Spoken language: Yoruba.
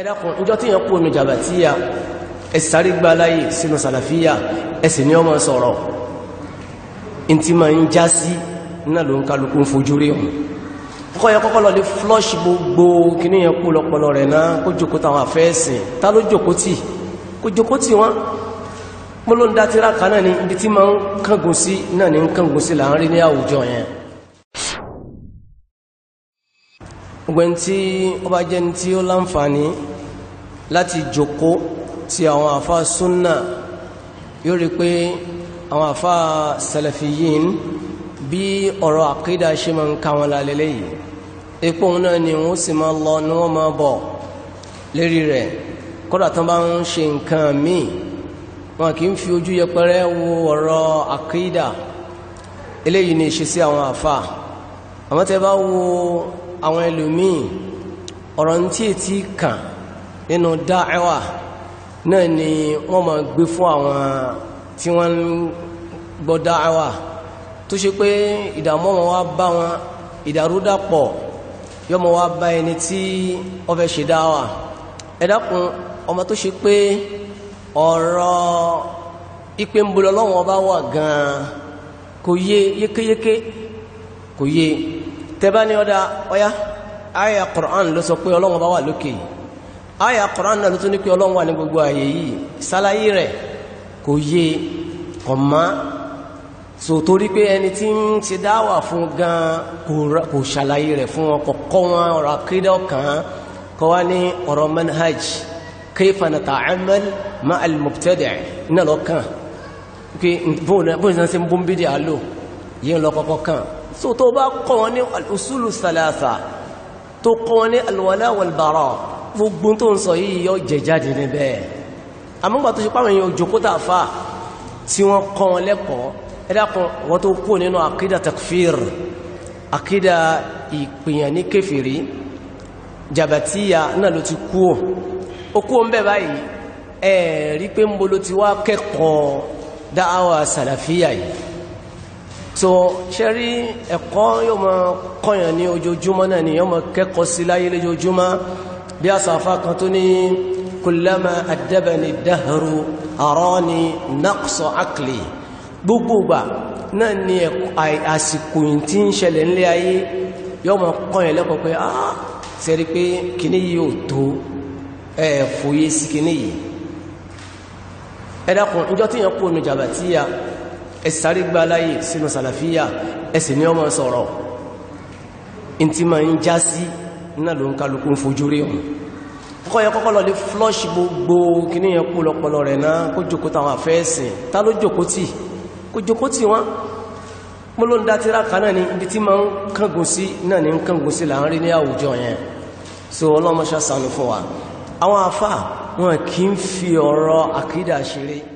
ẹ̀dàkùn ìjọ tí yẹn kú omi jàbàtíyà ẹ̀sàrí gba láyè sínú sàlàfíà ẹ̀sìn ni ọmọ sọ̀rọ̀ in ti ma ń já sí náà ló ń kálukú ń fojú rí ọ̀hún kọ́ yẹ kọ́kọ́ lọ lè flush gbogbo kíní yẹn kú lọ́pọlọ rẹ̀ náà kó jòkó táwọn àfẹ́ẹ̀sìn ta ló jòkó tì kó jòkó tì wọ́n mo ló ń dá tíráka náà ni ibi tí ma ń kángun sí náà ni ń kángun sí là ní àwùjọ yẹn gbogbo tí ó bá jẹ́ tí ó láǹfààní láti jòkó ti àwọn àfa súnà yóò rí pé àwọn àfa salafiyin bí ọ̀rọ̀ àkídà ṣe máa ń ká wọn lálẹ́lẹ́ yìí epo òun náà ni wọ́n sì máa lọ ni wọ́n máa bọ̀ lérí rẹ̀ kódà tán bá ń ṣe nǹkan míì wọn kì í fi ojú yẹpẹrẹ wo ọ̀rọ̀ àkídà eléyìí ni ìṣesí àwọn àfa àmọ́ tẹ́ bá wo àwọn ẹlòmíì ọ̀rọ̀ tí è ti kàn nínú dáẹ́wà náà ni wọ́n máa gbé fún àwọn tí wọ́n ń gbọ́ dáẹ́wà tó ṣe pé ìdààmú ọmọ wa bá wọn ìdàrúdàpọ̀ yọmọ wa bá ẹni tí wọ́n fẹ́ ṣe dáẹ́wà ẹ dákun ọmọ tó ṣe pé ọ̀rọ̀ ipe ń bolọ́ lọ́wọ́ ọba wà gan-an kò yé yékéyéké kò yé. Yeke, yeke, tẹ́bání ọ̀dà ọ̀yá àyà Qur'an ló sọ pé ọlọ́run bá wà lókè yìí àyà Qur'an náà ló tún ní pé ọlọ́run wà ní gbogbo ààyè yìí sálàyé rẹ̀ kò yé ọ̀má so torí pé ẹni tí ń ṣe dáwà fún gan kò ṣàlàyé rẹ̀ fún wọn kọ́ wọn ọ̀rọ̀ akédọ̀ kan kọ́ wá ní ọ̀rọ̀ manhaj kayfa nata'amal ma'al mubtadi' náà lọ́kàn bóun náà ṣe ń bó bídìí àlò yìí ń lọ kọ́kọ́ kàn so tó bá kọ́ wọn ní alùsùlù sàlàsà tó kọ́ wọn ní alwala walbara gbogbo tó ń sọ yìí yọ jẹ jáde níbẹ̀ àmúgbà tó ṣe páwọn èèyàn òjòkótà fà tí wọ́n kọ́ wọn lẹ́kọ̀ọ́ ẹ̀dàkùn wọ́n tó kú nínú àkídà takfir àkídà ìpìyàn ní kéfìrí jàbàtíyà náà ló ti kú ó kú ó ń bẹ̀ báyìí ẹ̀ẹ̀rí pé ń bolo ti wá kẹ́kọ̀ọ́ dáhàwà sàlàfíyà yìí so ṣẹ́rí ẹ̀kọ́ yóò máa kọ́yàn ní ojoojúmọ́ náà ni yóò máa kẹ́kọ̀ọ́ sí láyé lójoojúmọ́ bí àsàfà kan tó ní kullama addabani dahru arani naqsa akli gbogbo gbà náà ni àsìkò tí ń ṣẹlẹ̀ nílé ayé yóò máa kọ́yàn lẹ́kọ̀ọ́ pé á sẹ́rí pé kíní yìí ò tó ẹ̀ fòye sí kíní yìí ẹ ìjọ tí yẹn kó nu jàbàtìyà ẹ̀sáré gba aláyè sínú sàlàfíà ẹ̀sìn ni ọmọ sọ̀rọ̀ in ti ma ń já sí náà ló ń kálukú ń fojú rí ọ̀hún kọ́ yẹ kọ́kọ́ lọ lè flush gbogbo kíní yẹn kú lọpọlọ rẹ̀ náà kó jòkó táwọn àfẹ́ẹ̀sìn ta ló jòkó kó jòkó tì mo ló ń dá tíráka náà ni ibi tí ma ń kángun sí náà ni ń kángun sí là ń rí ní àwùjọ yẹn so ọlọ́mọṣá sanu fún wa àwọn afá wọn kì í fi ọ̀rọ̀ àkídà ṣeré